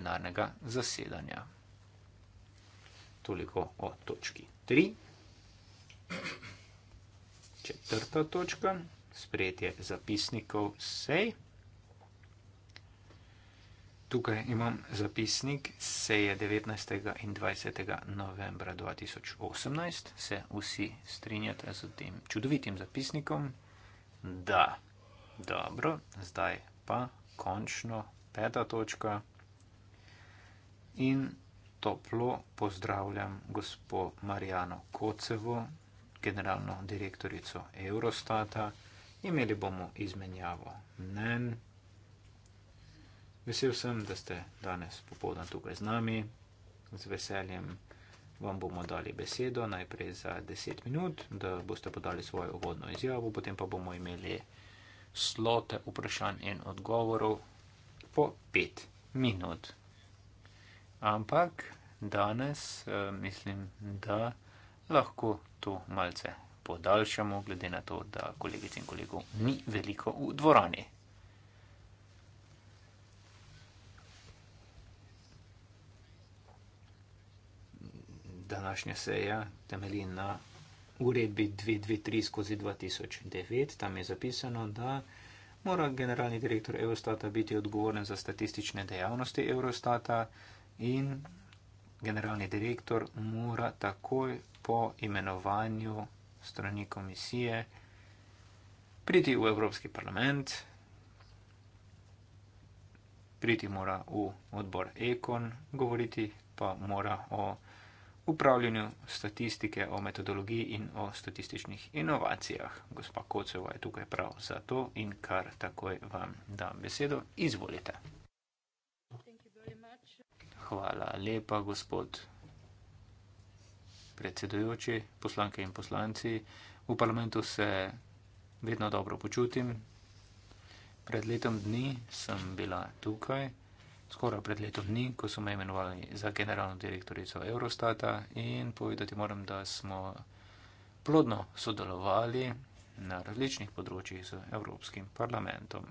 plenarnega zasedanja. Toliko o točki 3. Četrta točka, sprejetje zapisnikov sej. Tukaj imam zapisnik seje 19. in 20. novembra 2018. Se vsi strinjate z tem čudovitim zapisnikom? Da. Dobro, zdaj pa končno peta točka in toplo pozdravljam gospo Marijano Kocevo, generalno direktorico Eurostata. Imeli bomo izmenjavo mnen. Vesel sem, da ste danes popoldan tukaj z nami. Z veseljem vam bomo dali besedo, najprej za 10 minut, da boste podali svojo uvodno izjavo, potem pa bomo imeli slote vprašanj in odgovorov po 5 minut ampak danes eh, mislim, da lahko to malce podaljšamo, glede na to, da kolegic in kolegov ni veliko v dvorani. Današnja seja temelji na uredbi 223 skozi 2009. Tam je zapisano, da mora generalni direktor Eurostata biti odgovoren za statistične dejavnosti Eurostata, in generalni direktor mora takoj po imenovanju strani komisije priti v Evropski parlament, priti mora v odbor Ekon, govoriti pa mora o upravljanju statistike, o metodologiji in o statističnih inovacijah. Gospa Koceva je tukaj prav za to in kar takoj vam dam besedo, izvolite. Hvala lepa, gospod predsedujoči, poslanke in poslanci. V parlamentu se vedno dobro počutim. Pred letom dni sem bila tukaj, skoraj pred letom dni, ko so me imenovali za generalno direktorico Eurostata in povedati moram, da smo plodno sodelovali na različnih področjih z Evropskim parlamentom.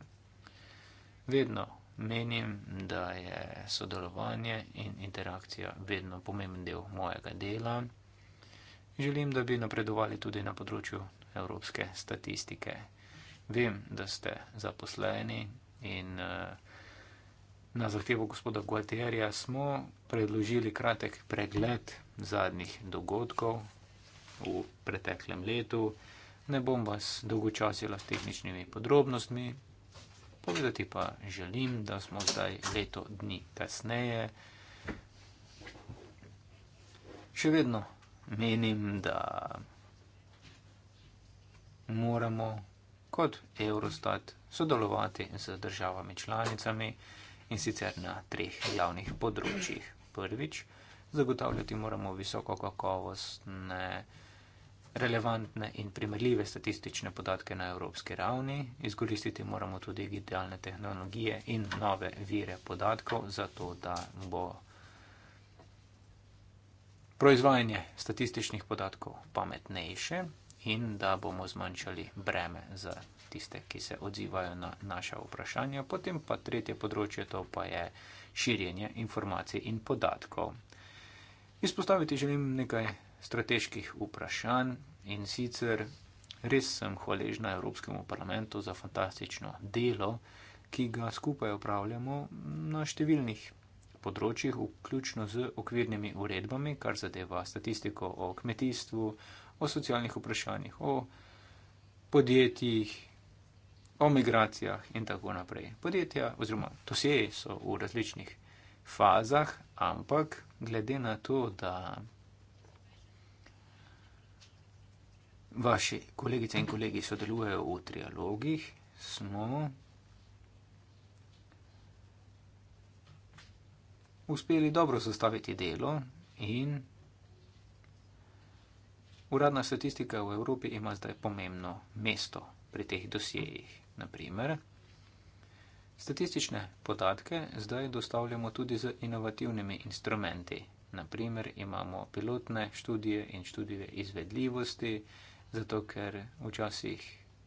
Vedno menim, da je sodelovanje in interakcija vedno pomemben del mojega dela. Želim, da bi napredovali tudi na področju evropske statistike. Vem, da ste zaposleni in eh, na zahtevo gospoda Guaterja smo predložili kratek pregled zadnjih dogodkov v preteklem letu. Ne bom vas dolgočasila s tehničnimi podrobnostmi, povedati pa želim, da smo zdaj leto dni kasneje. Še vedno menim, da moramo kot Eurostat sodelovati z državami članicami in sicer na treh glavnih področjih. Prvič, zagotavljati moramo visoko kakovostne. Ne relevantne in primerljive statistične podatke na evropski ravni. Izkoristiti moramo tudi digitalne tehnologije in nove vire podatkov, zato da bo proizvajanje statističnih podatkov pametnejše in da bomo zmanjšali breme za tiste, ki se odzivajo na naša vprašanja. Potem pa tretje področje, to pa je širjenje informacij in podatkov. Izpostaviti želim nekaj strateških vprašanj in sicer res sem hvaležna Evropskemu parlamentu za fantastično delo, ki ga skupaj upravljamo na številnih področjih, vključno z okvirnimi uredbami, kar zadeva statistiko o kmetijstvu, o socialnih vprašanjih, o podjetjih, o migracijah in tako naprej. Podjetja oziroma dosjeji so v različnih fazah, ampak glede na to, da vaši kolegice in kolegi sodelujejo v trialogih, smo uspeli dobro zastaviti delo in uradna statistika v Evropi ima zdaj pomembno mesto pri teh dosjejih. Naprimer, statistične podatke zdaj dostavljamo tudi z inovativnimi instrumenti. Naprimer, imamo pilotne študije in študije izvedljivosti, zato ker včasih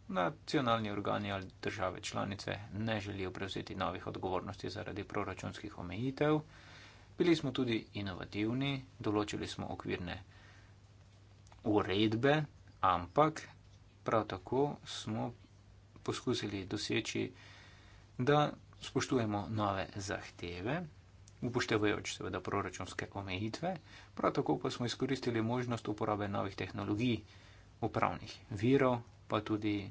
nacionalni organi ali države članice ne želijo prevzeti novih odgovornosti zaradi proračunskih omejitev. Bili smo tudi inovativni, določili smo okvirne uredbe, ampak prav tako smo poskusili doseči, da spoštujemo nove zahteve, upoštevajoč seveda proračunske omejitve, prav tako pa smo izkoristili možnost uporabe novih tehnologij, upravnih virov, pa tudi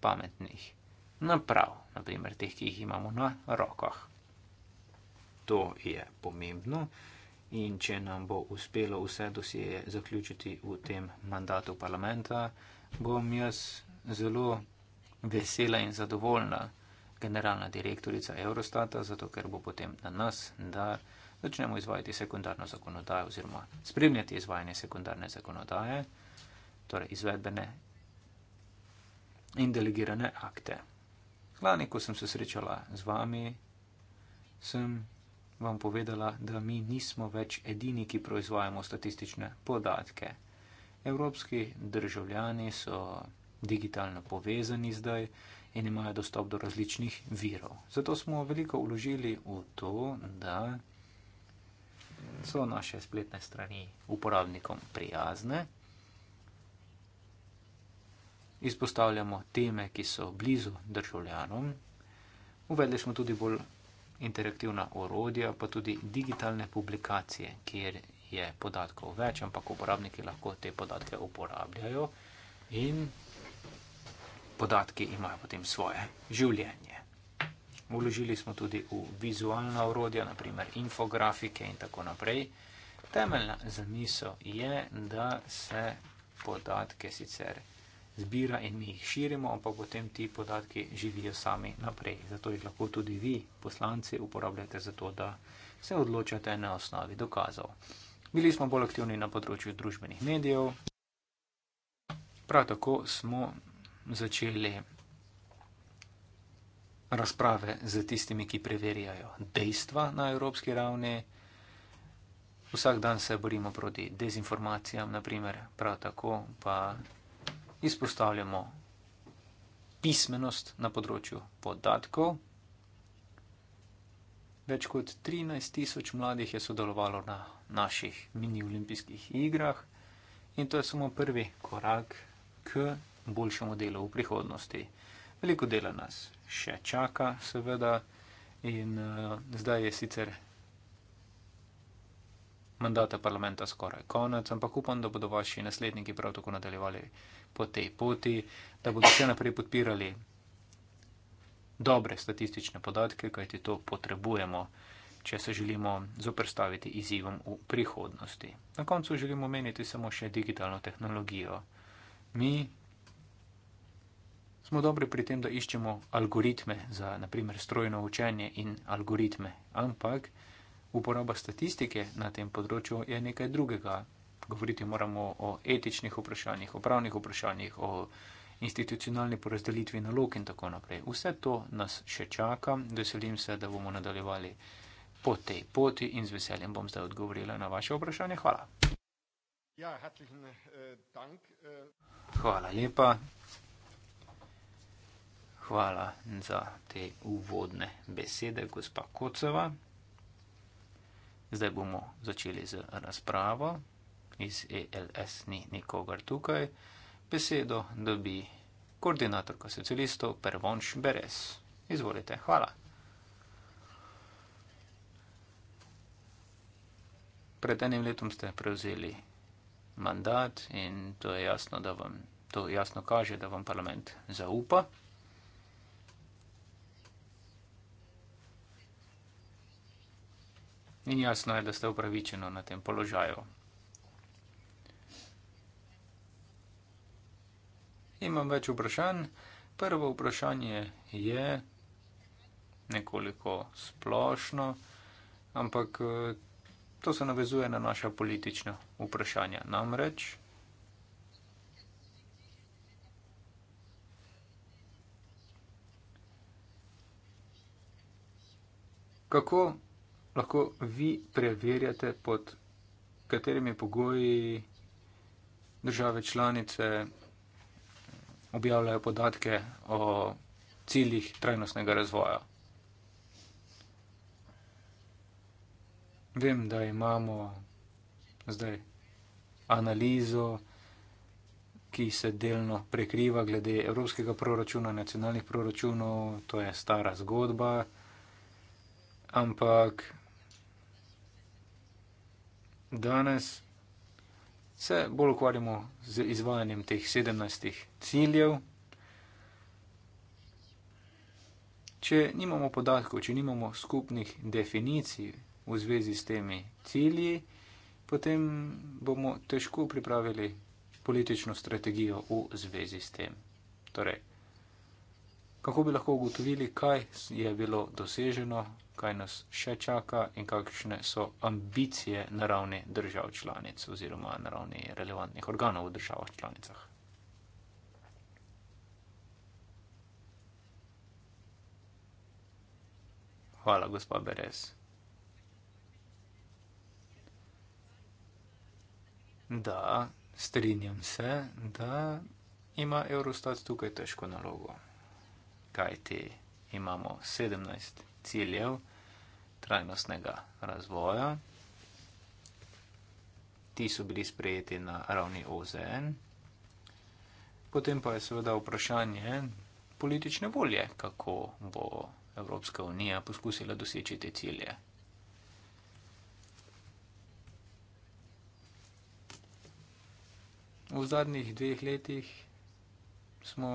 pametnih naprav, naprimer teh, ki jih imamo na rokah. To je pomembno in če nam bo uspelo vse dosije zaključiti v tem mandatu parlamenta, bom jaz zelo vesela in zadovoljna generalna direktorica Eurostata, zato ker bo potem na nas, da začnemo izvajati sekundarno zakonodajo oziroma spremljati izvajanje sekundarne zakonodaje torej izvedbene in delegirane akte. Lani, ko sem se srečala z vami, sem vam povedala, da mi nismo več edini, ki proizvajamo statistične podatke. Evropski državljani so digitalno povezani zdaj in imajo dostop do različnih virov. Zato smo veliko vložili v to, da so naše spletne strani uporabnikom prijazne izpostavljamo teme, ki so blizu državljanom. Uvedli smo tudi bolj interaktivna orodja, pa tudi digitalne publikacije, kjer je podatkov več, ampak uporabniki lahko te podatke uporabljajo in podatki imajo potem svoje življenje. Uložili smo tudi v vizualna orodja, naprimer infografike in tako naprej. Temeljna zamisel je, da se podatke sicer zbira in mi jih širimo, ampak potem ti podatki živijo sami naprej. Zato jih lahko tudi vi, poslanci, uporabljate za to, da se odločate na osnovi dokazov. Bili smo bolj aktivni na področju družbenih medijev. Prav tako smo začeli razprave z tistimi, ki preverjajo dejstva na evropski ravni. Vsak dan se borimo proti dezinformacijam, naprimer, prav tako pa izpostavljamo pismenost na področju podatkov. Več kot 13 tisoč mladih je sodelovalo na naših mini olimpijskih igrah in to je samo prvi korak k boljšemu delu v prihodnosti. Veliko dela nas še čaka, seveda, in uh, zdaj je sicer mandata parlamenta skoraj konec, ampak upam, da bodo vaši nasledniki prav tako nadaljevali po tej poti, da bodo še naprej podpirali dobre statistične podatke, kajti to potrebujemo, če se želimo zoprstaviti izzivom v prihodnosti. Na koncu želimo omeniti samo še digitalno tehnologijo. Mi smo dobri pri tem, da iščemo algoritme za naprimer strojno učenje in algoritme, ampak Uporaba statistike na tem področju je nekaj drugega. Govoriti moramo o etičnih vprašanjih, o pravnih vprašanjih, o institucionalni porazdelitvi nalog in tako naprej. Vse to nas še čaka. Veselim se, da bomo nadaljevali po tej poti in z veseljem bom zdaj odgovorila na vaše vprašanje. Hvala. Ja, eh, eh. Hvala lepa. Hvala za te uvodne besede, gospa Koceva. Zdaj bomo začeli z razpravo. Iz ELS ni nikogar tukaj. Besedo dobi koordinatorka socialistov Pervonš Beres. Izvolite, hvala. Pred enim letom ste prevzeli mandat in to je jasno, da vam to jasno kaže, da vam parlament zaupa. In jasno je, da ste upravičeno na tem položaju. Imam več vprašanj. Prvo vprašanje je nekoliko splošno, ampak eh, to se navezuje na naša politična vprašanja. Namreč, kako vprašanje? lahko vi preverjate, pod katerimi pogoji države članice eh, objavljajo podatke o ciljih trajnostnega razvoja. Vem, da imamo zdaj analizo, ki se delno prekriva glede evropskega proračuna, nacionalnih proračunov, to je stara zgodba, ampak danes se bolj ukvarjamo z izvajanjem teh 17 ciljev. Če nimamo podatkov, če nimamo skupnih definicij v zvezi s temi cilji, potem bomo težko pripravili politično strategijo v zvezi s tem. Torej, kako bi lahko ugotovili, kaj je bilo doseženo kaj nas še čaka in kakšne so ambicije na ravni držav članic oziroma na ravni relevantnih organov v državah članicah. Hvala, gospod Beres. Da, strinjam se, da ima Eurostat tukaj težko nalogo. Kaj ti imamo? 17 ciljev trajnostnega razvoja. Ti so bili sprejeti na ravni OZN. Potem pa je seveda vprašanje politične volje, kako bo Evropska unija poskusila doseči te cilje. V zadnjih dveh letih smo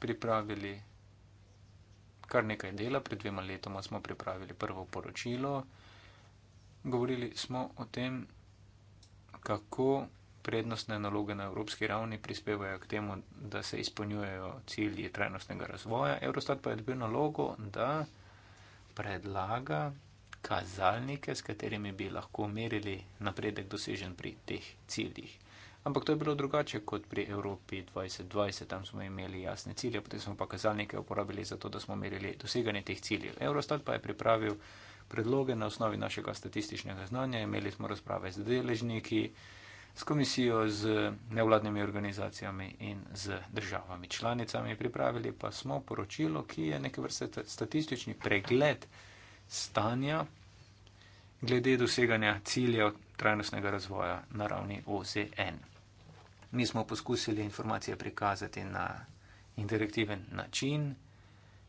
pripravili kar nekaj dela, pred dvema letoma smo pripravili prvo poročilo. Govorili smo o tem, kako prednostne naloge na evropski ravni prispevajo k temu, da se izpolnjujejo cilji trajnostnega razvoja. Eurostat pa je dobil nalogo, da predlaga kazalnike, s katerimi bi lahko merili napredek dosežen pri teh ciljih. Ampak to je bilo drugače kot pri Evropi 2020, tam smo imeli jasne cilje, potem smo pa kazalnike uporabili za to, da smo merili doseganje teh ciljev. Eurostat pa je pripravil predloge na osnovi našega statističnega znanja, imeli smo razprave z deležniki, s komisijo, z nevladnimi organizacijami in z državami članicami. Pripravili pa smo poročilo, ki je neke vrste statistični pregled stanja glede doseganja ciljev trajnostnega razvoja na ravni OZN. Mi smo poskusili informacije prikazati na interaktiven način.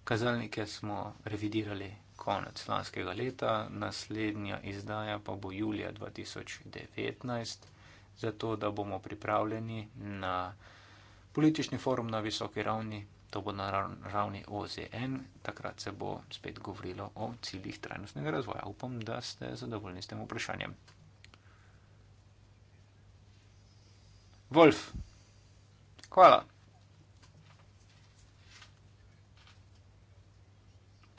Kazalnike smo revidirali konec lanskega leta, naslednja izdaja pa bo julija 2019, zato da bomo pripravljeni na politični forum na visoki ravni, to bo na ravni OZN, takrat se bo spet govorilo o ciljih trajnostnega razvoja. Upam, da ste zadovoljni s tem vprašanjem. Wolf. Hvala.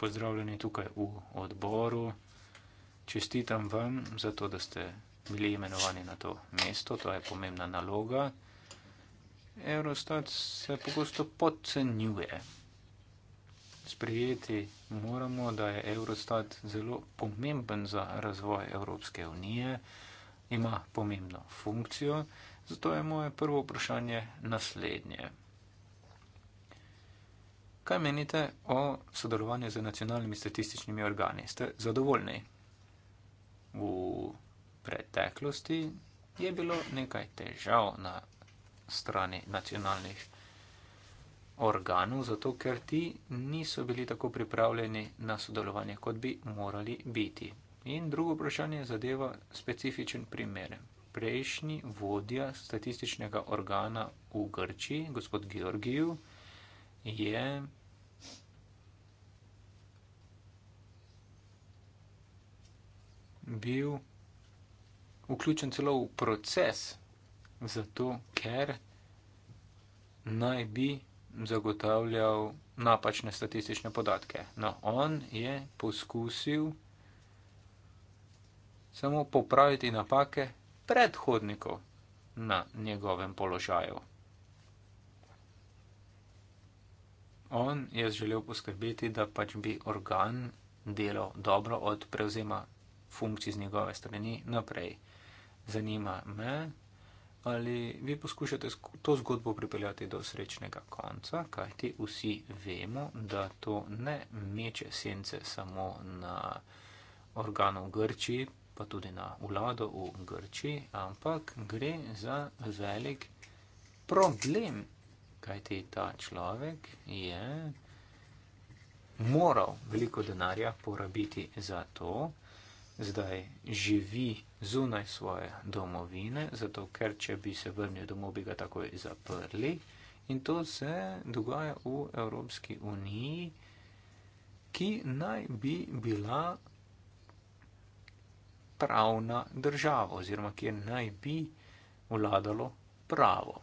Pozdravljeni tukaj v odboru. Čestitam vam za to, da ste bili imenovani na to mesto. To je pomembna naloga. Eurostat se pogosto podcenjuje. Sprijeti moramo, da je Eurostat zelo pomemben za razvoj Evropske unije, ima pomembno funkcijo. Zato je moje prvo vprašanje naslednje. Kaj menite o sodelovanju z nacionalnimi statističnimi organi? Ste zadovoljni? V preteklosti je bilo nekaj težav na strani nacionalnih organov, zato ker ti niso bili tako pripravljeni na sodelovanje, kot bi morali biti. In drugo vprašanje zadeva specifičen primer prejšnji vodja statističnega organa v Grčiji, gospod Georgiju, je bil vključen celo v proces, zato ker naj bi zagotavljal napačne statistične podatke. No, on je poskusil samo popraviti napake, predhodnikov na njegovem položaju. On je želel poskrbeti, da pač bi organ delal dobro od prevzema funkcij z njegove strani naprej. Zanima me, ali vi poskušate to zgodbo pripeljati do srečnega konca, kajti vsi vemo, da to ne meče sence samo na organov Grči, pa tudi na vlado v Grči, ampak gre za velik problem, kajti ta človek je moral veliko denarja porabiti za to, zdaj živi zunaj svoje domovine, zato ker če bi se vrnil domov, bi ga takoj zaprli. In to se dogaja v Evropski uniji, ki naj bi bila pravna država oziroma kjer naj bi vladalo pravo.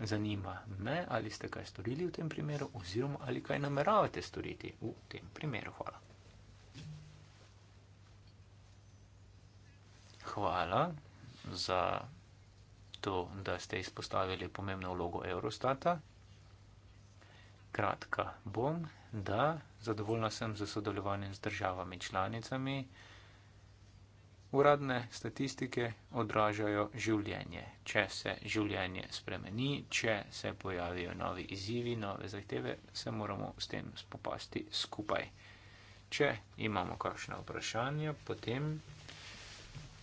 Zanima me, ali ste kaj storili v tem primeru oziroma ali kaj nameravate storiti v tem primeru. Hvala. Hvala za to, da ste izpostavili pomembno vlogo Eurostata. Kratka bom, da zadovoljna sem z sodelovanjem z državami članicami. Uradne statistike odražajo življenje. Če se življenje spremeni, če se pojavijo novi izzivi, nove zahteve, se moramo s tem spopasti skupaj. Če imamo kakšna vprašanja, potem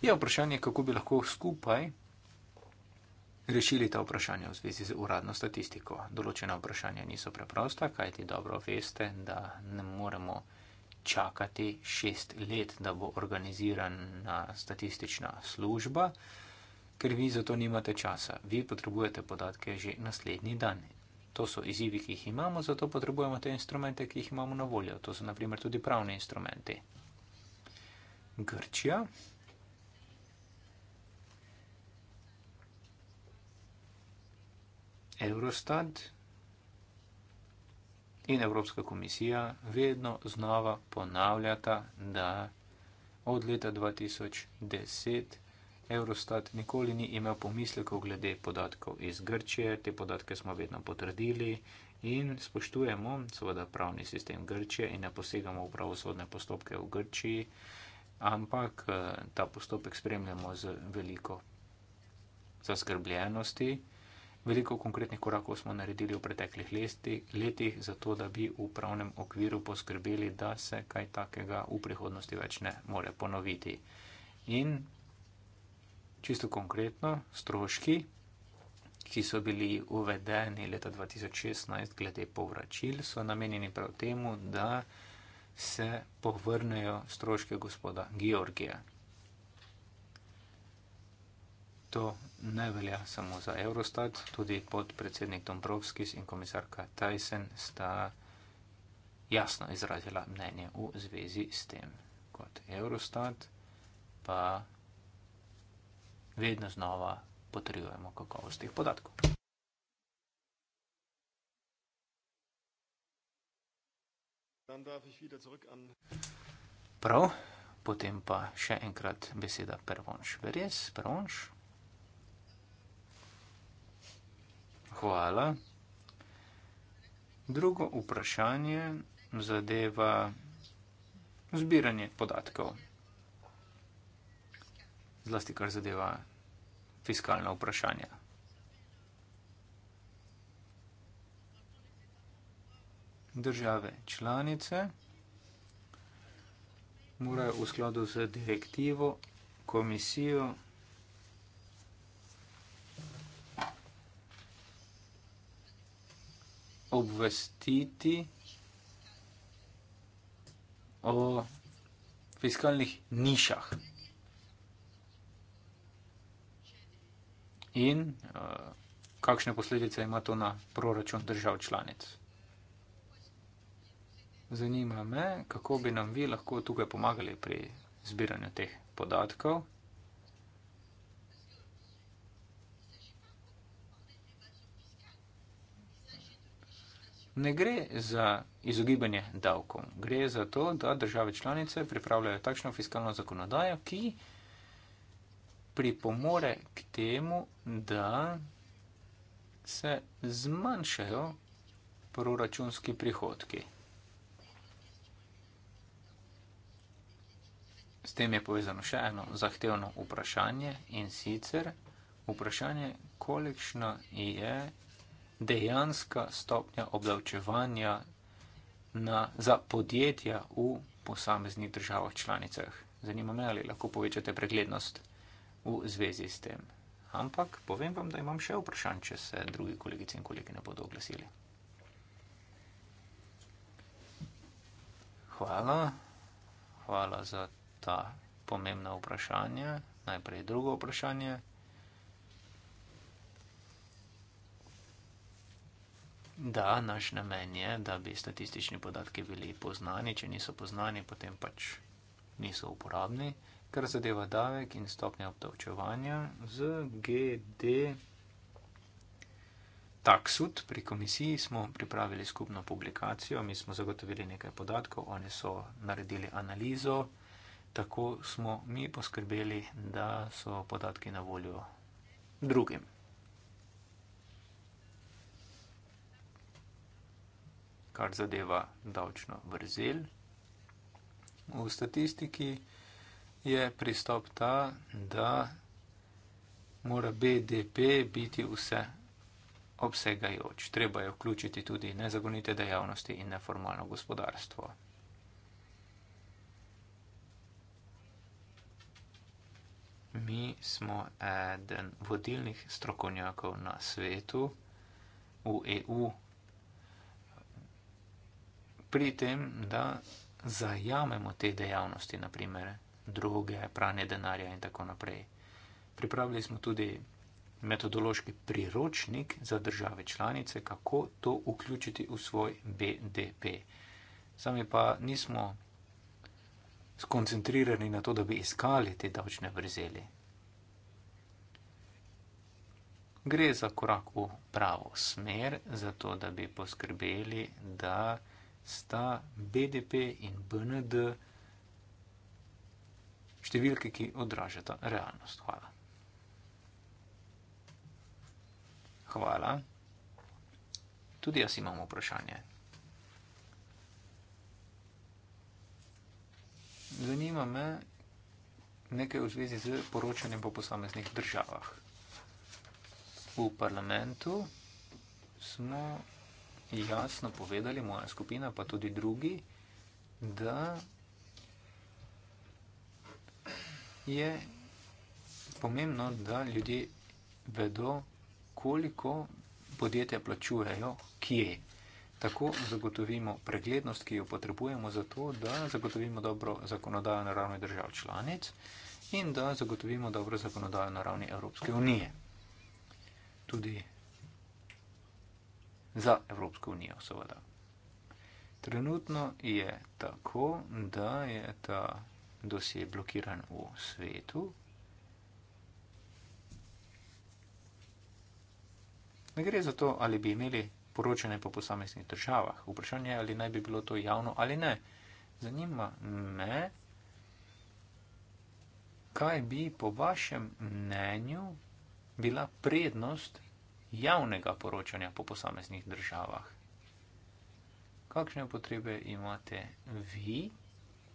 je vprašanje, kako bi lahko skupaj rešili ta vprašanja v zvezi z uradno statistiko. Določena vprašanja niso preprosta, kajti dobro veste, da ne moremo čakati šest let, da bo organizirana statistična služba, ker vi za to nimate časa. Vi potrebujete podatke že naslednji dan. To so izzivi, ki jih imamo, zato potrebujemo te instrumente, ki jih imamo na voljo. To so naprimer tudi pravni instrumenti. Grčija. Eurostat, In Evropska komisija vedno znova ponavljata, da od leta 2010 Eurostat nikoli ni imel pomislekov glede podatkov iz Grčije, te podatke smo vedno potrdili in spoštujemo seveda pravni sistem Grčije in ne posegamo v pravosodne postopke v Grčiji, ampak eh, ta postopek spremljamo z veliko zaskrbljenosti. Veliko konkretnih korakov smo naredili v preteklih letih, zato da bi v pravnem okviru poskrbeli, da se kaj takega v prihodnosti več ne more ponoviti. In čisto konkretno, stroški, ki so bili uvedeni leta 2016 glede povračil, so namenjeni prav temu, da se povrnejo stroške gospoda Georgija. To ne velja samo za Eurostat, tudi podpredsednik Dombrovskis in komisarka Tyson sta jasno izrazila mnenje v zvezi s tem. Kot Eurostat pa vedno znova potrjujemo kakovost teh podatkov. Prav, potem pa še enkrat beseda Pervonš. Veres, Pervonš. Hvala. Drugo vprašanje zadeva zbiranje podatkov, zlasti kar zadeva fiskalna vprašanja. Države članice morajo v skladu z direktivo komisijo obvestiti o fiskalnih nišah. In uh, kakšne posledice ima to na proračun držav članic? Zanima me, kako bi nam vi lahko tukaj pomagali pri zbiranju teh podatkov. ne gre za izogibanje davkom. Gre za to, da države članice pripravljajo takšno fiskalno zakonodajo, ki pripomore k temu, da se zmanjšajo proračunski prihodki. S tem je povezano še eno zahtevno vprašanje in sicer vprašanje, kolikšna je dejanska stopnja obdavčevanja na, za podjetja v posameznih državah članicah. Zanima me, ali lahko povečate preglednost v zvezi s tem. Ampak povem vam, da imam še vprašanje, če se drugi kolegice in kolegi ne bodo oglasili. Hvala. Hvala za ta pomembna vprašanja. Najprej drugo vprašanje. da naš namen je, da bi statistični podatki bili poznani, če niso poznani, potem pač niso uporabni, kar zadeva davek in stopnje obdavčevanja z GD. Taksut pri komisiji smo pripravili skupno publikacijo, mi smo zagotovili nekaj podatkov, oni so naredili analizo, tako smo mi poskrbeli, da so podatki na voljo drugim. kar zadeva davčno vrzel. V statistiki je pristop ta, da mora BDP biti vse obsegajoč. Treba je vključiti tudi nezagonite dejavnosti in neformalno gospodarstvo. Mi smo eden vodilnih strokovnjakov na svetu. V EU pri tem, da zajamemo te dejavnosti, naprimer droge, pranje denarja in tako naprej. Pripravili smo tudi metodološki priročnik za države članice, kako to vključiti v svoj BDP. Sami pa nismo skoncentrirani na to, da bi iskali te davčne vrzeli. Gre za korak v pravo smer, zato da bi poskrbeli, da sta BDP in BND številke, ki odražata realnost. Hvala. Hvala. Tudi jaz imam vprašanje. Zanima me nekaj v zvezi z poročanjem po posameznih državah. V parlamentu smo jasno povedali, moja skupina, pa tudi drugi, da je pomembno, da ljudje vedo, koliko podjetja plačujejo, kje. Tako zagotovimo preglednost, ki jo potrebujemo za to, da zagotovimo dobro zakonodajo na ravni držav članic in da zagotovimo dobro zakonodajo na ravni Evropske unije. Tudi za Evropsko unijo, seveda. Trenutno je tako, da je ta dosje blokiran v svetu. Ne gre za to, ali bi imeli poročanje po posameznih državah. Vprašanje je, ali naj bi bilo to javno ali ne. Zanima me, kaj bi po vašem mnenju bila prednost javnega poročanja po posameznih državah. Kakšne potrebe imate vi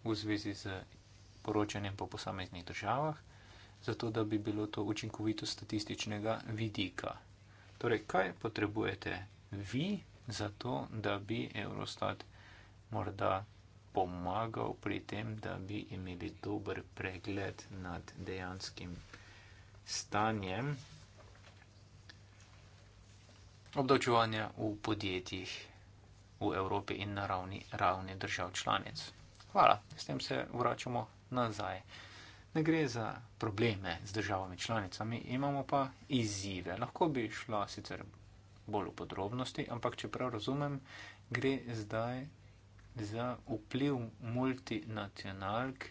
v zvezi z poročanjem po posameznih državah, zato da bi bilo to učinkovito statističnega vidika? Torej, kaj potrebujete vi za to, da bi Eurostat morda pomagal pri tem, da bi imeli dober pregled nad dejanskim stanjem obdavčevanja v podjetjih v Evropi in na ravni, ravni držav članic. Hvala, s tem se vračamo nazaj. Ne gre za probleme z državami članicami, imamo pa izzive. Lahko bi šla sicer bolj v podrobnosti, ampak če prav razumem, gre zdaj za vpliv multinacionalk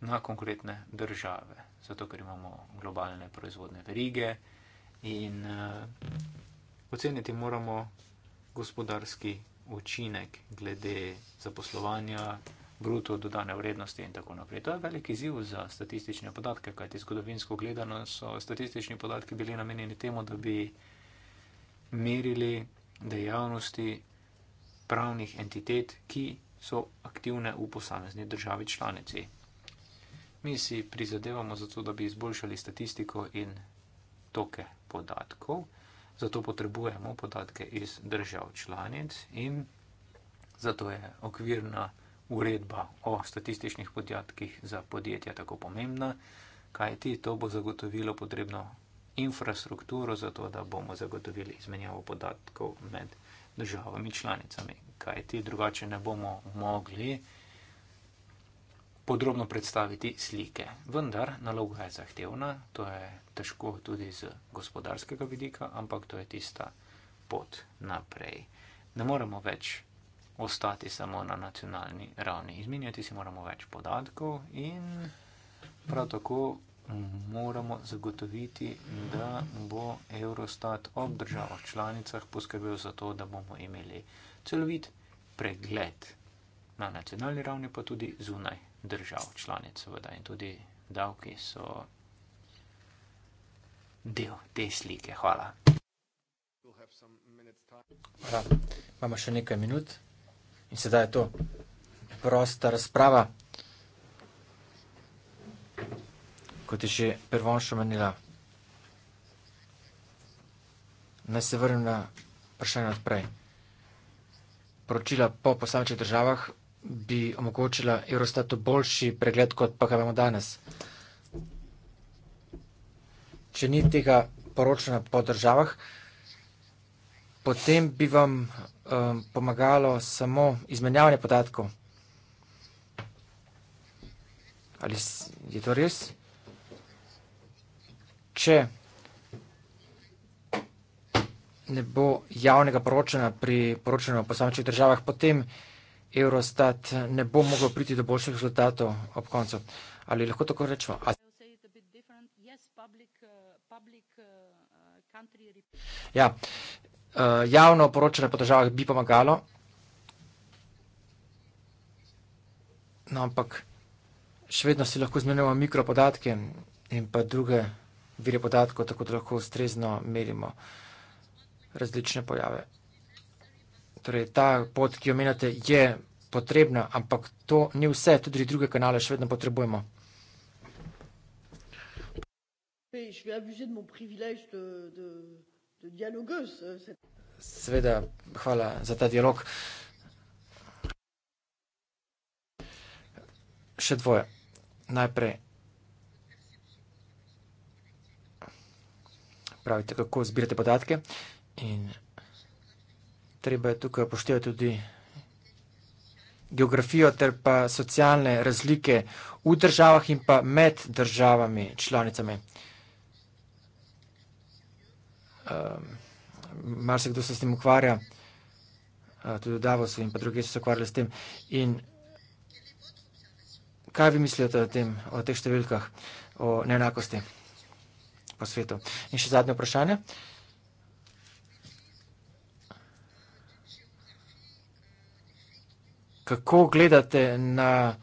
na konkretne države. Zato, ker imamo globalne proizvodne verige in uh, oceniti moramo gospodarski učinek glede zaposlovanja, bruto dodane vrednosti in tako naprej. To je velik izziv za statistične podatke, kajti zgodovinsko gledano so statistični podatki bili namenjeni temu, da bi merili dejavnosti pravnih entitet, ki so aktivne v posamezni državi članici. Mi si prizadevamo za to, da bi izboljšali statistiko in toke podatkov. Zato potrebujemo podatke iz držav članic in zato je okvirna uredba o statističnih podatkih za podjetja tako pomembna, kajti to bo zagotovilo potrebno infrastrukturo za to, da bomo zagotovili izmenjavo podatkov med državami članicami, kajti drugače ne bomo mogli podrobno predstaviti slike. Vendar naloga je zahtevna, to je težko tudi z gospodarskega vidika, ampak to je tista pot naprej. Ne moremo več ostati samo na nacionalni ravni. Izminjati si moramo več podatkov in prav tako moramo zagotoviti, da bo Eurostat ob državah članicah poskrbel za to, da bomo imeli celovit pregled na nacionalni ravni, pa tudi zunaj držav članic, seveda, in tudi davki so del te slike. Hvala. Hvala. Imamo še nekaj minut in sedaj je to prosta razprava. Kot je že prvonšo menila, naj se vrnem na vprašanje odprej. Poročila po posamečnih državah bi omogočila Eurostatu boljši pregled, kot pa ga imamo danes. Če ni tega poročena po državah, potem bi vam um, pomagalo samo izmenjavanje podatkov. Ali je to res? Če ne bo javnega poročena pri poročanju o posamečnih državah, potem Eurostat ne bo mogel priti do boljših rezultatov ob koncu. Ali lahko tako rečemo? Ja, eh, javno poročanje po državah bi pomagalo. No, ampak še vedno si lahko zmenjamo mikropodatke in pa druge vire podatkov, tako da lahko ustrezno merimo različne pojave torej ta pot, ki jo menjate, je potrebna, ampak to ni vse, tudi druge kanale še vedno potrebujemo. Sveda, euh, hvala za ta dialog. Še dvoje. Najprej. Pravite, kako zbirate podatke in treba je tukaj upoštevati tudi geografijo ter pa socialne razlike v državah in pa med državami članicami. Um, ehm, mar se kdo se s tem ukvarja, uh, tudi Davosu in pa drugi so se ukvarjali s tem. In kaj vi mislite o tem, o teh številkah, o neenakosti po svetu? In še zadnje vprašanje. Uh, kako gledate na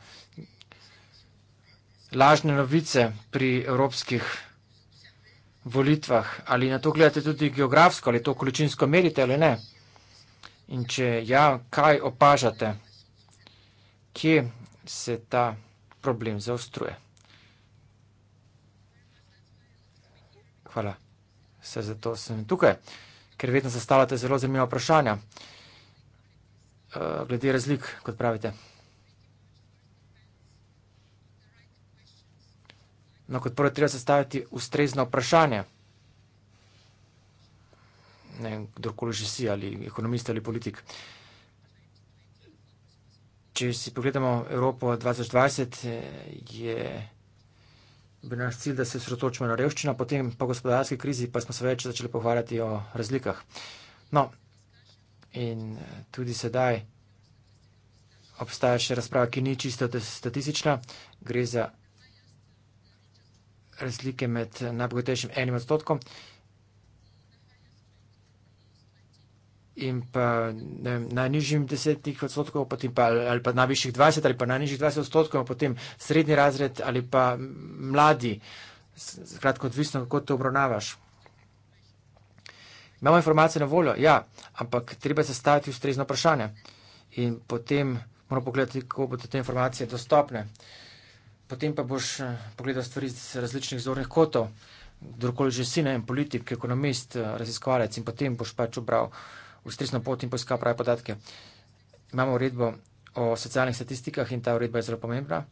lažne novice pri evropskih volitvah? Ali na to gledate tudi geografsko, ali to količinsko merite ali ne? In če ja, kaj opažate, kje se ta problem zaostruje? Hvala. Vse zato sem tukaj, ker vedno zastavljate zelo zanimiva vprašanja. Eh, glede razlik, kot pravite. No, kot prvo treba sestaviti ustrezno vprašanje. Ne, kdorkoli že si, ali ekonomist ali politik. Če si pogledamo Evropo 2020, eh, je bil naš cilj, da se sredotočimo na revščino, potem po gospodarski krizi pa smo se več začeli pohvarjati o razlikah. No, In eh, tudi sedaj obstaja še razprava, ki ni čisto statistična. Gre za razlike med eh, najbogatejšim enim odstotkom in pa vem, najnižjim desetih odstotkov, potem pa ali pa najvišjih 20 ali pa najnižjih 20 odstotkov, potem srednji razred ali pa mladi. Skratko, odvisno, kako to obravnavaš. Imamo informacije na voljo, ja, ampak treba se staviti ustrezno vprašanje in potem moramo pogledati, kako bodo te informacije dostopne. Potem pa boš eh, pogledal stvari z različnih zornih kotov, kdorkoli že si, ne en politik, ekonomist, eh, raziskovalec in potem boš pač obral ustrezno pot in poiskal prave podatke. Imamo uredbo o socialnih statistikah in ta uredba je zelo pomembna,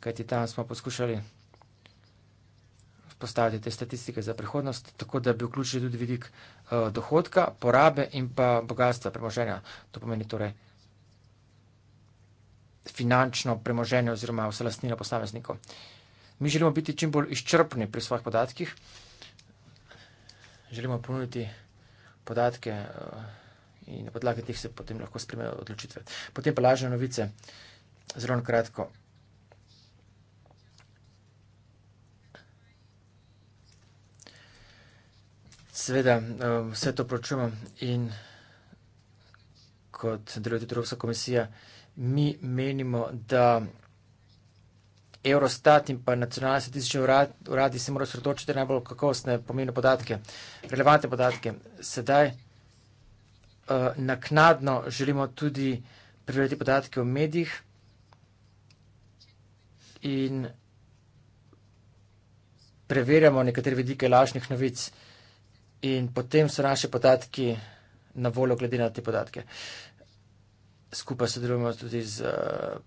kajti tam smo poskušali postaviti te statistike za prihodnost, tako da bi vključili tudi vidik eh, dohodka, porabe in pa bogatstva premoženja. To pomeni torej finančno premoženje oziroma vse lastnina posameznikov. Mi želimo biti čim bolj izčrpni pri svojih podatkih. Želimo ponuditi podatke eh, in na podlagi teh se potem lahko spremejo odločitve. Potem pa lažne novice, zelo kratko. Sveda, eh, vse to pročujemo in kot Drugi Evropska komisija mi menimo, da Eurostat in pa nacionalni statistični uradi se morajo sredočiti najbolj kakovostne pomembne podatke, relevante podatke. Sedaj eh, naknadno želimo tudi preveriti podatke o medijih in preverjamo nekatere vidike lažnih novic in potem so naše podatki na voljo glede na te podatke. Skupaj sodelujemo tudi z eh,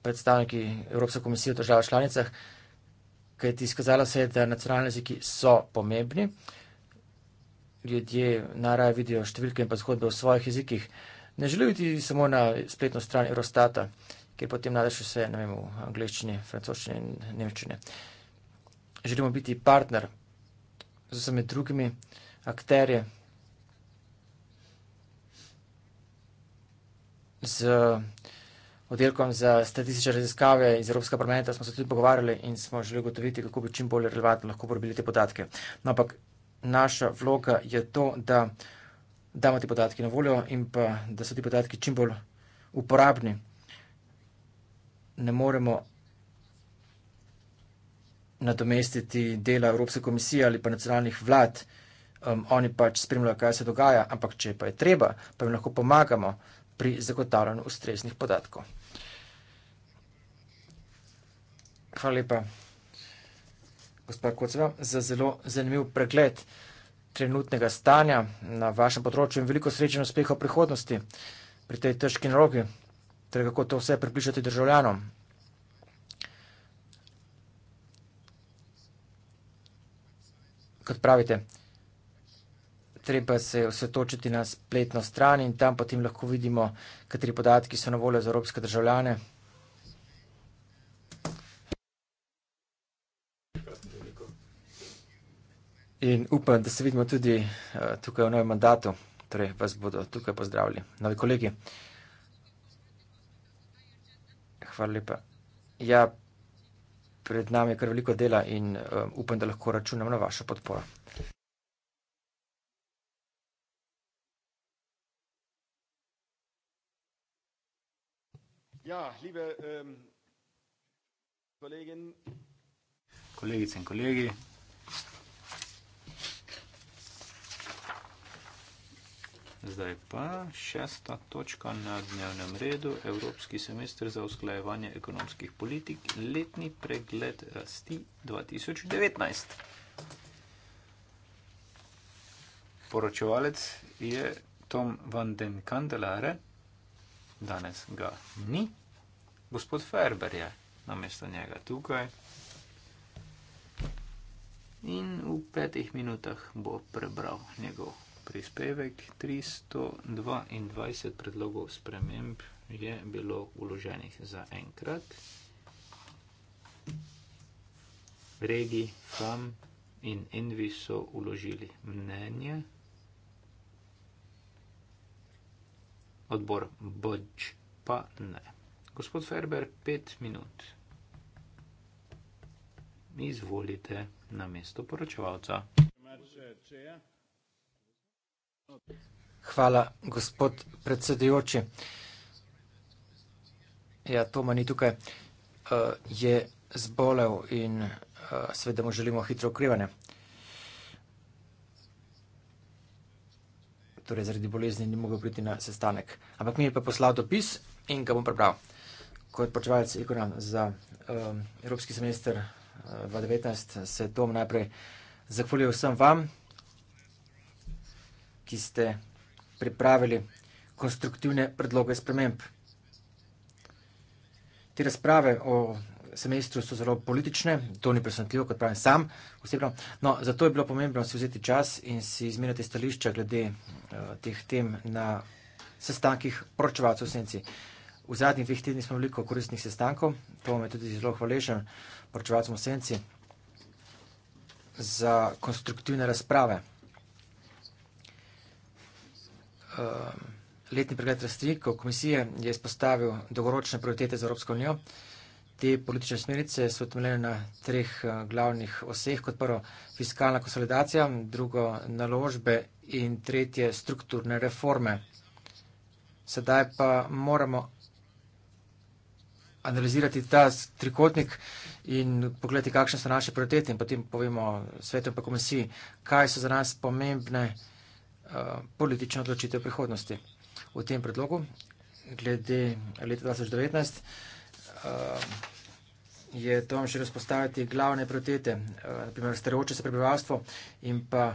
predstavniki Evropske komisije v državah članicah, kaj ti izkazalo se je, da nacionalni jeziki so pomembni. Ljudje naraj vidijo številke in pa zgodbe v svojih jezikih. Ne želijo biti samo na spletno stran Eurostata, kjer potem nadeš vse, ne vem, v angliščini, francoščini in nemščini. Želimo biti partner z vsemi drugimi, uh, akterje. Z oddelkom za statistične raziskave iz Evropskega parlamenta smo se tudi pogovarjali in smo želeli ugotoviti, kako bi čim bolj relevantno lahko uporabili te podatke. No, ampak naša vloga je to, da damo te podatke na voljo in pa da so ti podatki čim bolj uporabni. Ne moremo nadomestiti dela Evropske komisije ali pa nacionalnih vlad um, oni pač spremljajo, kaj se dogaja, ampak če pa je treba, pa jim lahko pomagamo pri zagotavljanju ustreznih podatkov. Hvala lepa, gospod Kocva, za zelo zanimiv pregled trenutnega stanja na vašem področju in veliko sreče in uspeha v prihodnosti pri tej težki nalogi, ter kako to vse približati državljanom. Kot pravite, treba se osvetočiti na spletno stran in tam potem lahko vidimo, kateri podatki so na voljo za evropske državljane. In upam, da se vidimo tudi eh, tukaj v novem mandatu, torej vas bodo tukaj pozdravili, novi kolegi. Hvala lepa. Ja, pred nami je kar veliko dela in eh, upam, da lahko računam na vašo podporo. Ja, liebe ähm, Kolleginnen, Kolleginnen und Kollegen, Zdaj pa šesta točka na dnevnem redu, Evropski semester za usklajevanje ekonomskih politik, letni pregled rasti 2019. Poročevalec je Tom van den Kandelaren danes ga ni. Gospod Ferber je namesto njega tukaj. In v petih minutah bo prebral njegov prispevek. 322 predlogov sprememb je bilo uloženih za enkrat. Regi, FAM in Envi so uložili mnenje. odbor Bodž pa ne. Gospod Ferber, pet minut. Izvolite na mesto poročevalca. Hvala, gospod predsedujoči. Ja, Toma ni tukaj. Uh, je zbolel in uh, seveda mu želimo hitro okrevanje. torej zaradi bolezni ni mogel priti na sestanek. Ampak mi je pa poslal dopis in ga bom prebral. Kot počevalec Igor za um, Evropski semester 2019 uh, se Tom najprej zahvalil vsem vam, ki ste pripravili konstruktivne predloge sprememb. Te razprave o semestru so zelo politične, to ni presenetljivo, kot pravim sam osebno. No, zato je bilo pomembno si vzeti čas in si izmeniti stališča glede uh, teh tem na sestankih poročevalcev v senci. V zadnjih dveh tednih smo veliko koristnih sestankov, to vam je tudi zelo hvaležen poročevalcem v senci za konstruktivne razprave. Uh, letni pregled rastrikov komisije je izpostavil dolgoročne prioritete za Evropsko unijo. Uh, Te politične smernice so temeljene na treh eh, glavnih oseh. Kot prvo, fiskalna konsolidacija, drugo, naložbe in tretje, strukturne reforme. Sedaj pa moramo analizirati ta trikotnik in pogledati, kakšne so naše prioritete in potem povemo svetu pa komisiji, kaj so za nas pomembne eh, politične odločitev prihodnosti. V tem predlogu, glede leta 2019, Ehm, je tam še razpostaviti glavne prioritete, eh, naprimer starajoče se prebivalstvo in pa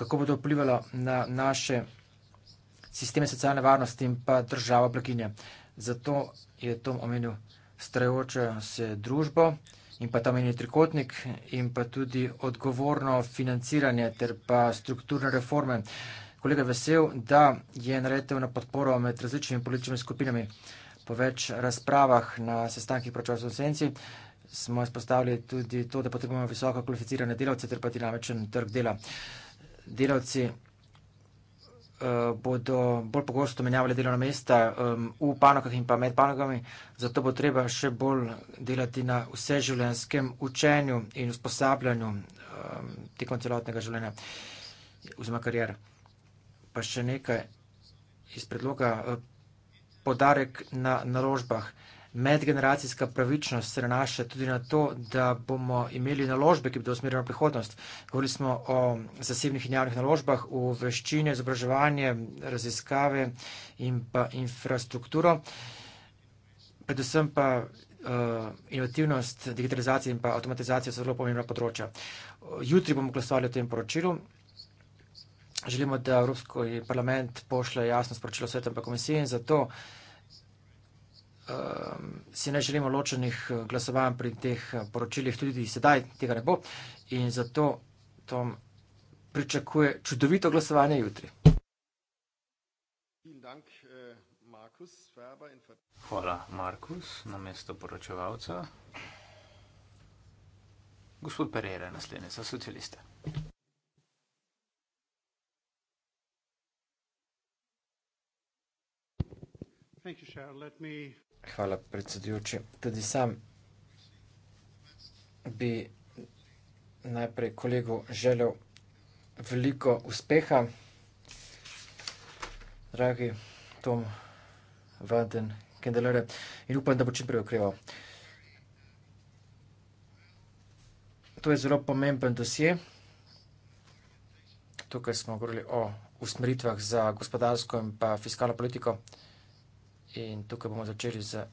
kako bo to vplivalo na naše sisteme socialne varnosti in pa država blaginje. Zato je Tom omenil starajoče se družbo in pa tam je trikotnik in pa tudi odgovorno financiranje ter pa strukturne reforme. Kolega vesel, da je naredil na podporo med različnimi političnimi skupinami. Uh, Po več razpravah na sestankih pročasov v Senci smo izpostavili tudi to, da potrebujemo visoko kvalificirane delavce ter pa dinamičen trg dela. Delavci eh, bodo bolj pogosto menjavali delovna mesta v panogah in pa med panogami, zato bo treba še bolj delati na vseživljenjskem učenju in usposabljanju tekom celotnega življenja oziroma karijera. Pa še nekaj iz predloga eh, podarek na naložbah. Medgeneracijska pravičnost se nanaša tudi na to, da bomo imeli naložbe, ki bodo usmerjene v prihodnost. Govorili smo o zasebnih in javnih naložbah v veščine, izobraževanje, raziskave in pa infrastrukturo, predvsem pa uh, inovativnost, digitalizacija in pa avtomatizacija so zelo pomembna področja. Jutri bomo glasovali o tem poročilu. Želimo, da Evropski parlament pošle jasno sporočilo svetem pa komisiji in zato. Ehm, si ne želimo ločenih eh, glasovanj pri teh eh, poročilih, tudi sedaj tega ne bo. In zato Tom pričakuje čudovito glasovanje jutri. Eh, Hvala, Markus, na mesto poročevalca. Gospod Pereira, naslednji za socialiste. Thank you, Cheryl. Let me Hvala, predsedujoči. Tudi sam bi najprej kolegu želel veliko uspeha. Dragi Tom Vanden Kendelere, in upam, da bo čim prej okreval. To je zelo pomemben dosje. Tukaj smo govorili o usmeritvah za gospodarsko in pa fiskalno politiko in tukaj bomo začeli z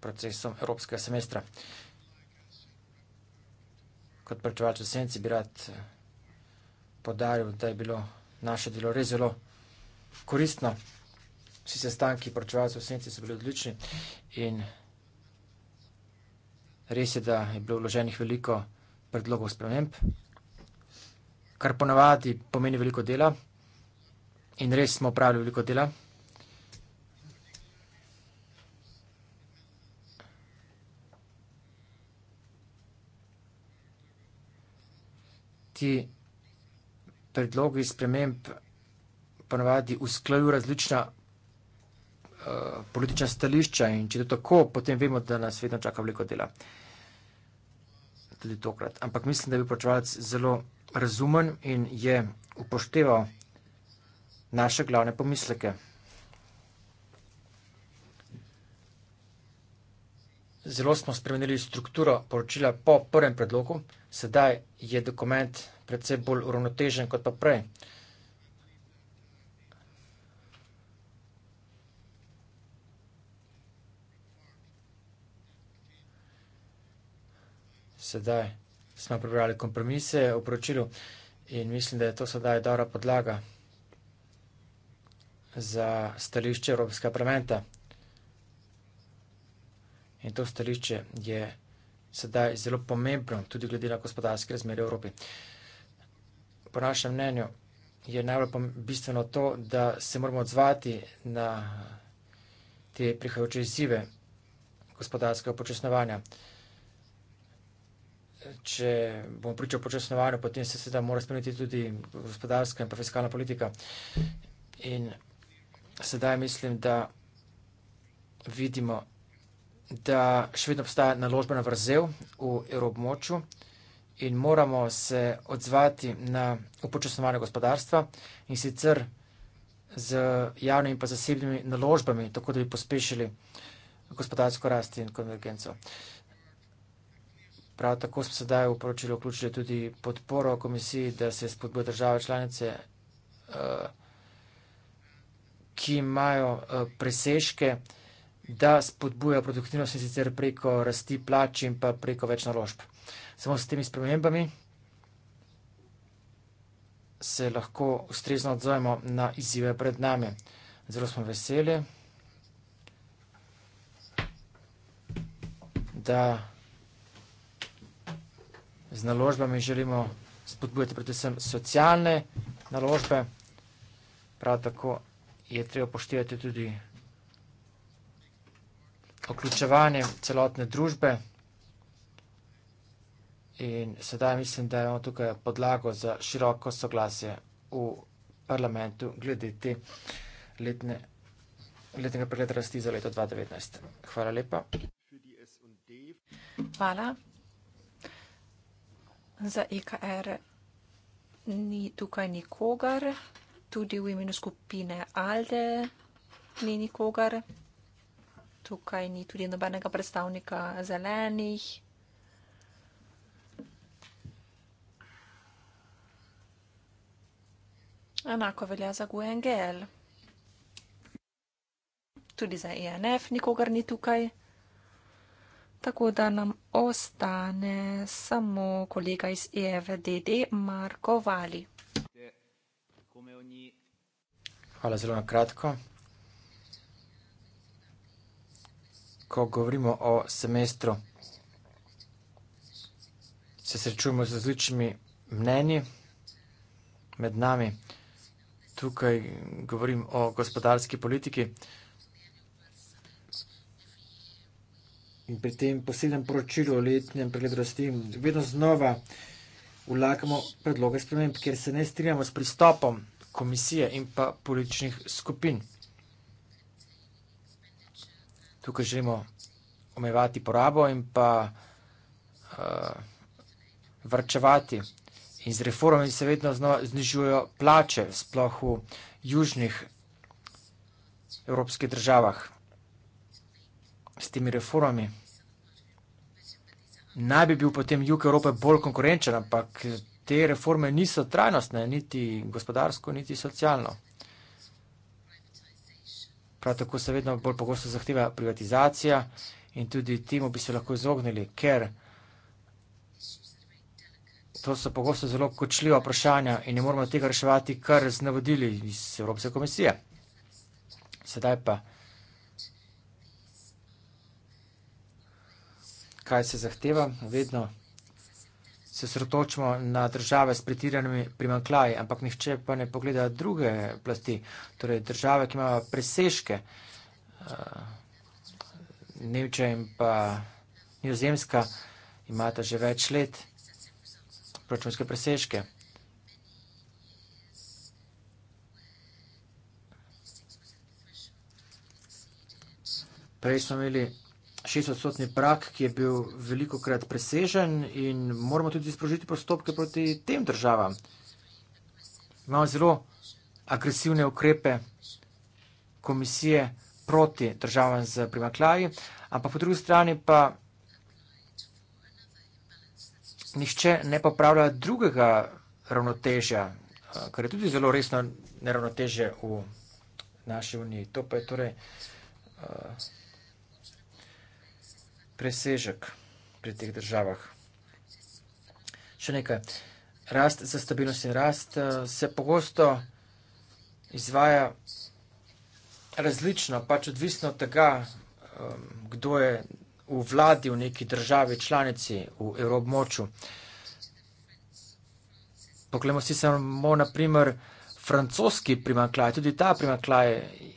procesom evropskega semestra. Kot prečevalč v senci bi rad eh, podaril, da je bilo naše delo res zelo koristno. Vsi sestanki pročevalcev v senci so bili odlični in res je, da je bilo vloženih veliko predlogov sprememb, kar ponavadi pomeni veliko dela in res smo upravili veliko dela. ti predlogi sprememb ponavadi usklajujo različna eh, politična stališča in če to tako, potem vemo, da nas vedno čaka veliko dela. Tudi tokrat. Ampak mislim, da je bil poročevalec zelo razumen in je upošteval naše glavne pomisleke. Zelo smo spremenili strukturo poročila po prvem predlogu. Sedaj je dokument predvsej bolj uravnotežen kot pa prej. Sedaj smo prebrali kompromise v poročilu in mislim, da je to sedaj dobra podlaga za stališče Evropskega parlamenta. In to stališče je vsega sedaj zelo pomembno, tudi glede na gospodarske razmere v Evropi. Po našem mnenju je najbolj bistveno to, da se moramo odzvati na te prihajajoče izzive gospodarskega počasnovanja. Če bomo pričali o počasnovanju, potem se seveda mora spremeniti tudi gospodarska in pa fiskalna politika. In sedaj mislim, da vidimo, da še vedno obstaja naložbena vrzel v evroobmočju in moramo se odzvati na upočasnovanje gospodarstva in sicer z javnimi in pa zasebnimi naložbami, tako da bi pospešili gospodarsko rast in konvergenco. Prav tako smo sedaj v poročilu vključili tudi podporo komisiji, da se spodbuje države članice, eh, ki imajo eh, presežke, ki imajo presežke, da spodbuja produktivnost in sicer preko rasti plač in pa preko več naložb. Samo s temi spremembami se lahko ustrezno odzovemo na izzive pred nami. Zelo smo veseli, da z naložbami želimo spodbujati predvsem socialne naložbe. Prav tako je treba poštevati tudi vključevanjem celotne družbe. In sedaj mislim, da imamo tukaj podlago za široko soglasje v parlamentu glede te letne, letnega pregleda rasti za leto 2019. Hvala lepa. Hvala. Za EKR ni tukaj nikogar, tudi v imenu skupine ALDE ni nikogar tukaj ni tudi nobenega predstavnika zelenih. Enako velja za GUNGL. E tudi za ENF nikogar ni tukaj. Tako da nam ostane samo kolega iz EVDD, Marko Vali. Hvala zelo na kratko. ko govorimo o semestru, se srečujemo z različnimi mnenji med nami. Tukaj govorim o gospodarski politiki in pri tem posebnem poročilu o letnem pregledu rasti vedno znova vlakamo predloge sprememb, ker se ne strinjamo s pristopom komisije in pa političnih skupin tukaj želimo omejevati porabo in pa uh, eh, vrčevati. In z reformami se vedno znižujo plače, sploh v južnih evropskih državah. S temi reformami naj bi bil potem jug Evrope bolj konkurenčen, ampak te reforme niso trajnostne, niti gospodarsko, niti socialno prav tako se vedno bolj pogosto zahteva privatizacija in tudi temu bi se lahko izognili, ker to so pogosto zelo kočljiva vprašanja in ne moramo tega reševati kar z navodili iz Evropske komisije. Sedaj pa, kaj se zahteva, vedno se sredotočimo na države s pretiranimi primankljaji, ampak nihče pa ne pogleda druge plasti, torej države, ki imajo preseške, eh, Nemčija in pa Nizozemska imata že več let proračunske preseške. Prej smo imeli šestodstotni prak, ki je bil veliko krat presežen in moramo tudi sprožiti postopke proti tem državam. Imamo zelo agresivne ukrepe komisije proti državam z primaklaji, ampak po drugi strani pa nišče ne popravlja drugega ravnotežja, eh, kar je tudi zelo resno neravnoteže v naši uniji. To pa je torej uh, presežek pri teh državah. Še nekaj. Rast za stabilnost in rast eh, se pogosto izvaja različno, pač odvisno od tega, kdo je v vladi v neki državi, članici, v evrobmoču. Poglejmo si samo, naprimer, francoski primanklaj. Tudi ta primanklaj eh,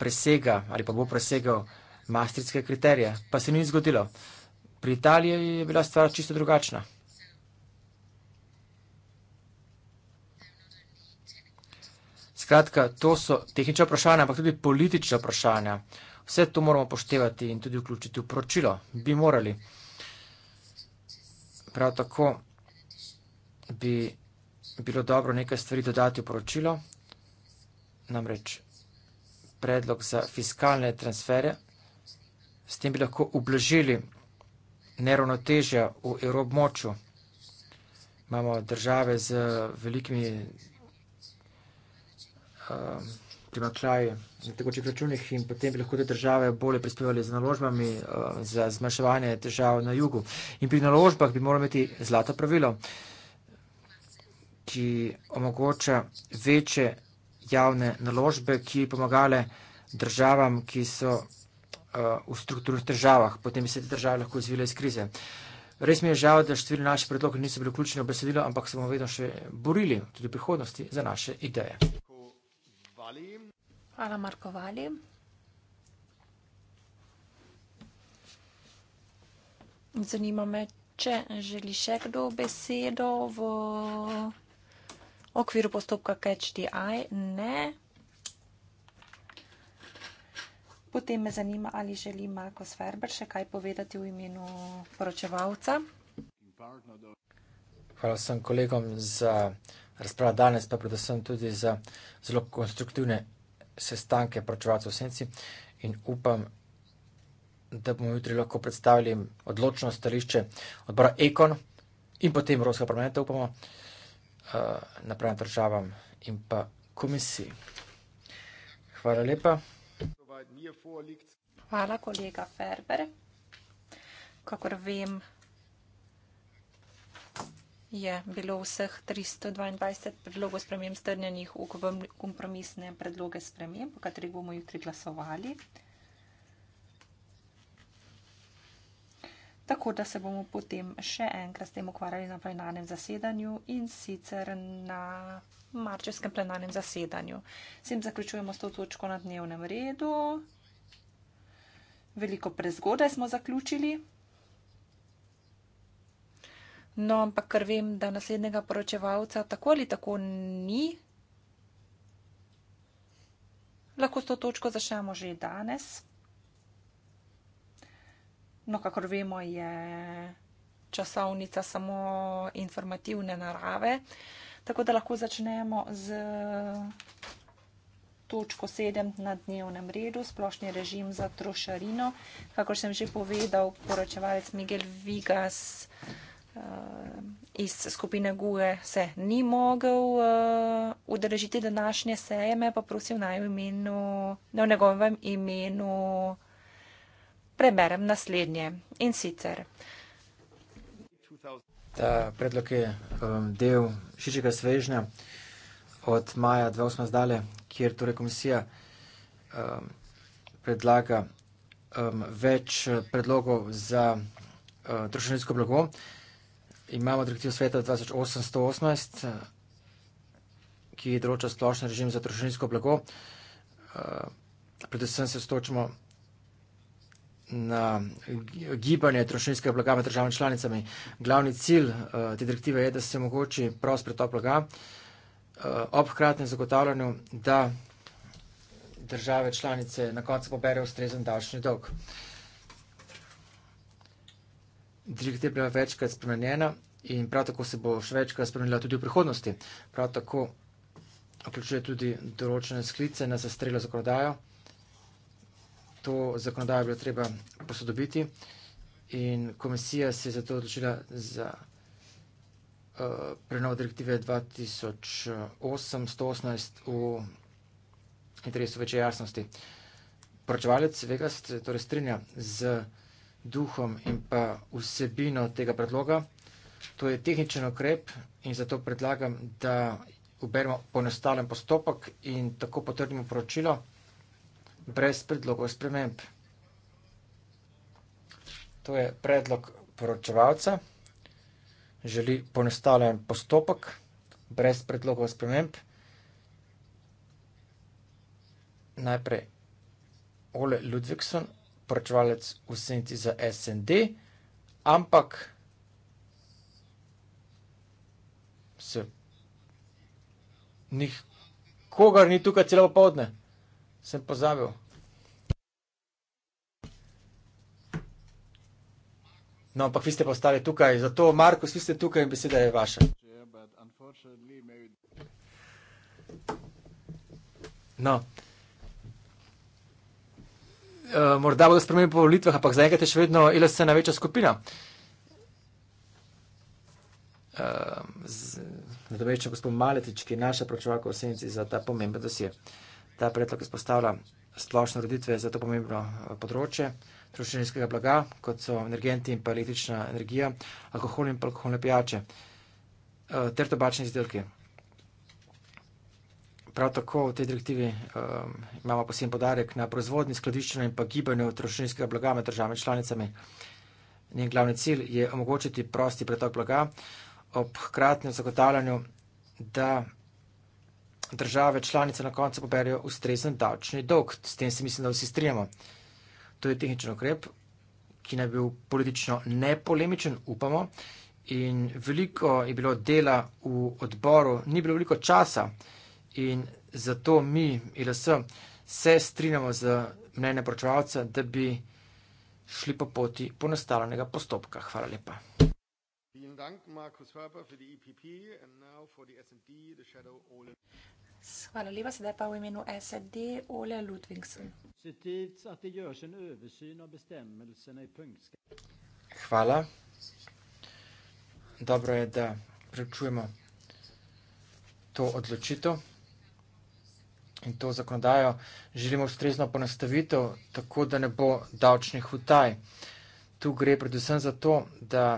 presega ali pa bo presegal maastrichtske kriterije, pa se ni zgodilo. Pri Italiji je bila stvar čisto drugačna. Skratka, to so tehnična vprašanja, ampak tudi politična vprašanja. Vse to moramo poštevati in tudi vključiti v poročilo. Bi morali. Prav tako bi bilo dobro nekaj stvari dodati v poročilo, namreč predlog za fiskalne transfere S tem bi lahko ublažili neravnotežja v evrobmočju. Imamo države z velikimi um, primakljaji na tekočih računih in potem bi lahko te države bolje prispevali z naložbami um, za zmanjševanje težav na jugu. In pri naložbah bi moralo imeti zlato pravilo, ki omogoča večje javne naložbe, ki pomagale državam, ki so Eh, v strukturnih državah. Potem bi se te države lahko izvile iz krize. Res mi je žal, da štiri naše predloge niso bili vključeni v besedilo, ampak se bomo vedno še borili tudi v prihodnosti za naše ideje. Hvala, Marko Vali. Zanima me, če želi še kdo besedo v okviru postopka Catch the Eye. Ne. Potem me zanima, ali želi Marko Sverber še kaj povedati v imenu poročevalca. Hvala vsem kolegom za razpravo danes, pa predvsem tudi za zelo konstruktivne sestanke poročevalcev v senci in upam, da bomo jutri lahko predstavili odločno stališče odbora Ekon in potem Evropskega parlamenta, upamo, eh, napravljam državam in pa komisiji. Hvala lepa. Hvala, kolega Ferber. Kakor vem, je bilo vseh 322 predlogov sprememb strnjenih v kompromisne predloge sprememb, po katerih bomo jutri glasovali. Tako da se bomo potem še enkrat s tem ukvarjali na plenarnem zasedanju in sicer na marčevskem plenarnem zasedanju. S tem zaključujemo s to točko na dnevnem redu. Veliko prezgodaj smo zaključili. No, ampak ker vem, da naslednjega poročevalca tako ali tako ni, lahko s to točko začnemo že danes. No, kakor vemo, je časovnica samo informativne narave. Uh, Tako da lahko začnemo z točko 7 na dnevnem redu, splošni režim za trošarino. Kako sem že povedal, poročevalec Miguel Vigas eh, iz skupine GUE se ni mogel eh, udeležiti današnje seje, me pa prosil naj v imenu, ne v njegovem imenu, preberem naslednje. In sicer. 2000. Ta predlog je um, del širšega svežnja od maja 2008 zdale, kjer torej komisija um, predlaga um, več uh, predlogov za uh, trošarinsko blago. Imamo direktivo sveta 2818, uh, ki določa splošni režim za trošarinsko blago. Uh, predvsem se stočimo na gibanje trošinskega blaga med državami članicami. Glavni cilj uh, te direktive je, da se omogoči prost pretop blaga uh, ob hkratnem zagotavljanju, da države članice na koncu poberejo ustrezen davčni dolg. Direktiva je bila večkrat spremenjena in prav tako se bo še večkrat spremenila tudi v prihodnosti. Prav tako vključuje tudi določene sklice na zastrelo zakonodajo to zakonodajo bilo treba posodobiti in komisija se je zato odločila za uh, prenov direktive 2008-118 v interesu večje jasnosti. Poročevalec Vegast torej strinja z duhom in pa vsebino tega predloga. To je tehničen okrep in zato predlagam, da uberemo ponestalen postopek in tako potrdimo poročilo brez predlogov sprememb. To je predlog poročevalca, želi ponestavljen postopek brez predlogov sprememb. Najprej Ole Ludvigson, poročevalec v senci za SND, ampak se nikogar ni tukaj celo popovdne sem pozabil. No, ampak vi ste pa ostali tukaj, zato Marko, vsi ste tukaj in beseda je vaša. No. Uh, morda bodo spremenili po volitvah, ampak zaenkrat je še vedno ILS največja skupina. Uh, z, da večjo gospod Maletič, ki je naša pročevalka v senci za ta pomemben dosje. Uh, ta predlog izpostavlja splošno roditve za to pomembno eh, področje trošenjskega blaga, kot so energenti in pa električna energija, alkohol in pa alkoholne pijače eh, ter tobačni izdelki. Prav tako v tej direktivi um, imamo poseben podarek na proizvodni skladiščenju in pa gibanju trošenjskega blaga med državami članicami. Njen glavni cilj je omogočiti prosti pretok blaga ob hkratnem zagotavljanju, da države članice na koncu poberijo ustrezen davčni dolg. S tem se mislim, da vsi strinjamo. To je tehničen ukrep, ki naj bi bil politično nepolemičen, upamo. In veliko je bilo dela v odboru, ni bilo veliko časa in zato mi, ILS, se strinjamo z mnenje pročevalca, da bi šli po poti ponastavljenega postopka. Hvala lepa. Vielen Dank, Markus Ferber, für die EPP. And now for the SD, the Shadow Ole. Hvala lepa, sedaj pa v imenu SD Ole Ludvigsen. Hvala. Dobro je, da preučujemo to odločitev in to zakonodajo. Želimo ustrezno ponastavitev, tako da ne bo davčnih utaj. Tu gre predvsem za to, da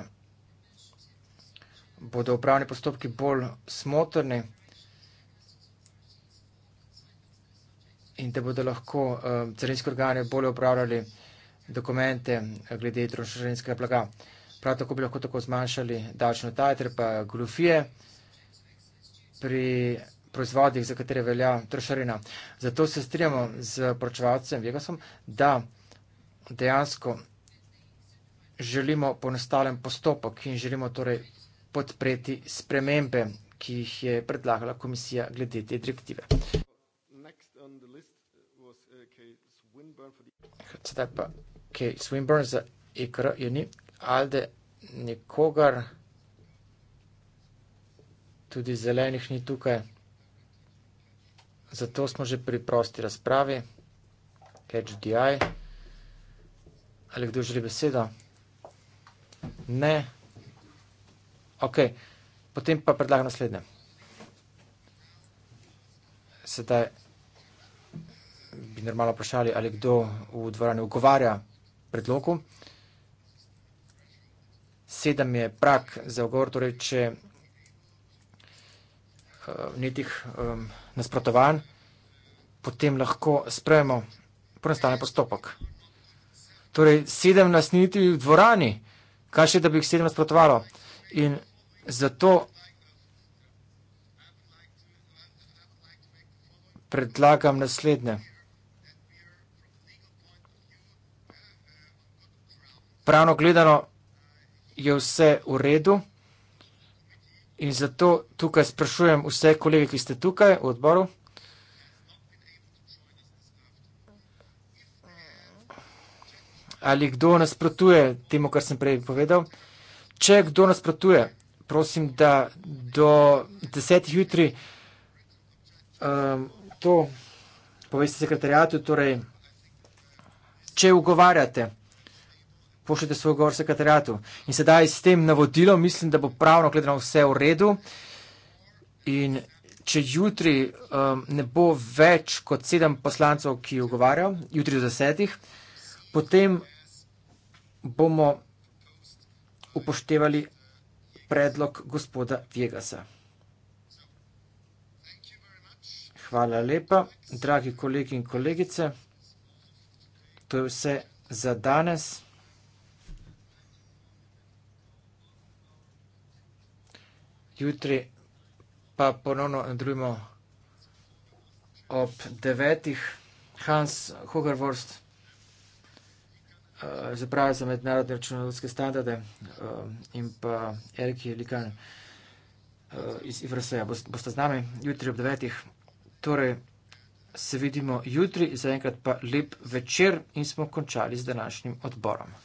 bodo upravni postopki bolj smotrni in da bodo lahko eh, carinske organe bolje upravljali dokumente eh, glede trošarinskega blaga. Prav tako bi lahko tako zmanjšali davčno taj ter pa glufije pri proizvodih, za katere velja trošarina. Zato se strijamo z poročevalcem Vegasom, da dejansko želimo ponestalen postopek in želimo torej podpreti spremembe, ki jih je predlagala komisija glede te direktive. Uh, Sedaj pa Kay Swinburne za IKR, je ni Alde nikogar, tudi zelenih ni tukaj. Zato smo že pri prosti razpravi. HDI. Ali kdo želi besedo? Ne. Ok, potem pa predlagam naslednje. Sedaj bi normalno vprašali, ali kdo v dvorani ogovarja predlogu. Sedem je prak za ogovor, torej če netih um, nasprotovanj, potem lahko sprejemo prenastane postopek. Torej, sedem nas niti v dvorani, kaj še, da bi jih sedem nasprotovalo. In zato predlagam naslednje. Pravno gledano je vse v redu in zato tukaj sprašujem vse kolege, ki ste tukaj v odboru. Ali kdo nasprotuje temu, kar sem prej povedal? Če kdo nasprotuje, prosim, da do desetih jutri um, to poveste sekretarijatu, torej, če ugovarjate, pošljite svoj govor sekretarijatu. In sedaj s tem navodilom mislim, da bo pravno gledano vse v redu. In če jutri um, ne bo več kot sedem poslancev, ki ugovarjajo, jutri do desetih, potem bomo upoštevali predlog gospoda Vegasa. Hvala lepa, dragi kolegi in kolegice. To je vse za danes. Jutri pa ponovno drugimo ob devetih. Hans Hogarvorst zaprave eh, za mednarodne računovodske standarde uh, in pa Erik Likan uh, iz IFRS-a. Boste z nami jutri ob devetih. Torej, se vidimo jutri, zaenkrat pa lep večer in smo končali z današnjim odborom.